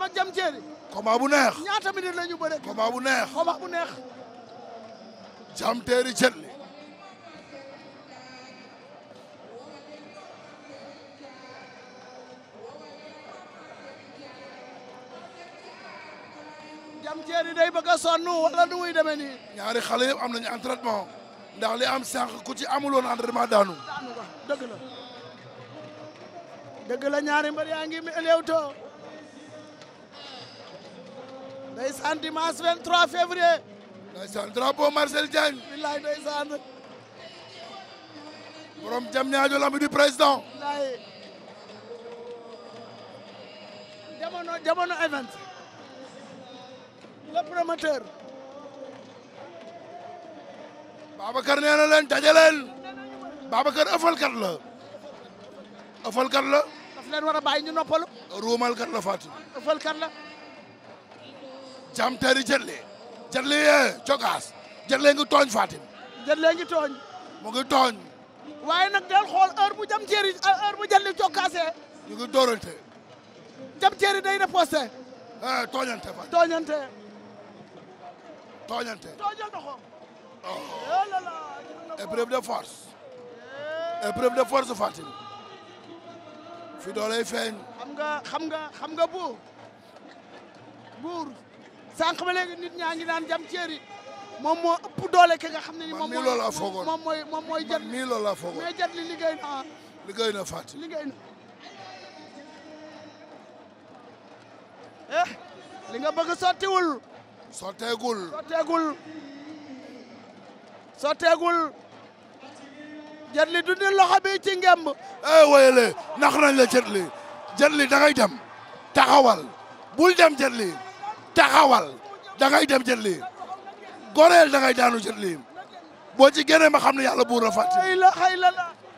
Thiam ak Jam Jéeri. bu neex. ñaata minute la ñu bëre. combat bu neex. combat bu neex. Jam Téeri Jelli. Jam Jéeri day bëgg a sonn wala nu muy demee nii. ñaari xale am nañu entraînement ndax li am sànq ku ci amuloon entraînement daanu. daanu ba ñaari mbër yaa ngi mi élew ndeysaan mars 23 février. ndeysaan drapeau Marcel Diagne. billaay ndeysaan. borom jam ñaajo lamb du président. billaay. jamono jamono event. le promoteur. Babacar nee na leen daje leen. Babacar ëffalkat la. ëffalkat la. daf leen war a bàyyi ñu noppalu. ruumalkat la Fatou. ëffalkat la. Jamteeri Jetli Jetli yee Jokaas Jetli ngi tooñ Fatim. Jetli ngi tooñ. mu ngi tooñ. waaye nag del xool mu jam Jamteeri heure bu Jetli Jokaasee. ñu ngi dóorante. Jamteeri day riposté. ah eh, tooñante fa. tooñante. tooñante. tooñal oh. eh, de force. Eh. épreuve de force Fatim. fi doolay feeñ. xam nga xam nga buur buur. sànq léegi nit ñaa ngi naan jam ceeri moom moo ëpp doole ki nga xam ne ni moom mooy moom mooy moom mooy jat mii loolu li liggéey na ah. liggéey na Fatou liggéey eh, li nga bëgg sottiwul sotteegul sotteegul sotteegul jat li du ni loxo bi ci ngemb eh nax nañ la jat li jat li da ngay dem taxawal bul dem jat li taxawal da dem jël goreel da daanu jël lii boo ci génnee ma xam ne yàlla buur a fàttali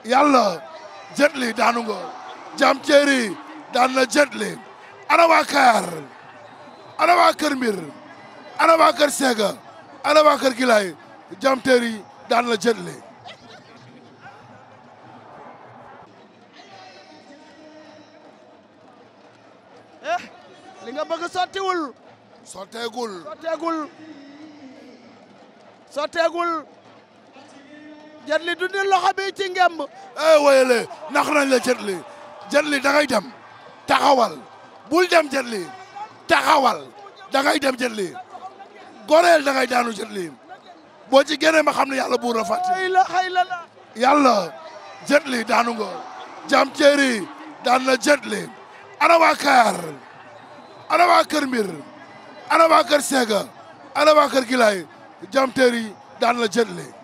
yàlla jël lii daanu nga jam teeri daan na jël ana waa Kayar ana waa Kër ana waa Kër ana waa Kër Gilaay jam na jël sotteegul sotteegul sotteegul jët li dundil loxo bi ci ngemb eh wayele nax nañ la jët li jët li da ngay dem taxawal bul dem jët li taxawal da ngay dem jët li goreel da daanu jët li boo ci génnee ma xam ne yàlla buur a fàtti yàlla jët li daanu nga jam teeri daan na jët li ana waa Kayaar ana waa Kër Mbir ana waa kër Sega ana waa kër Gilaay jam teer daan la jëtle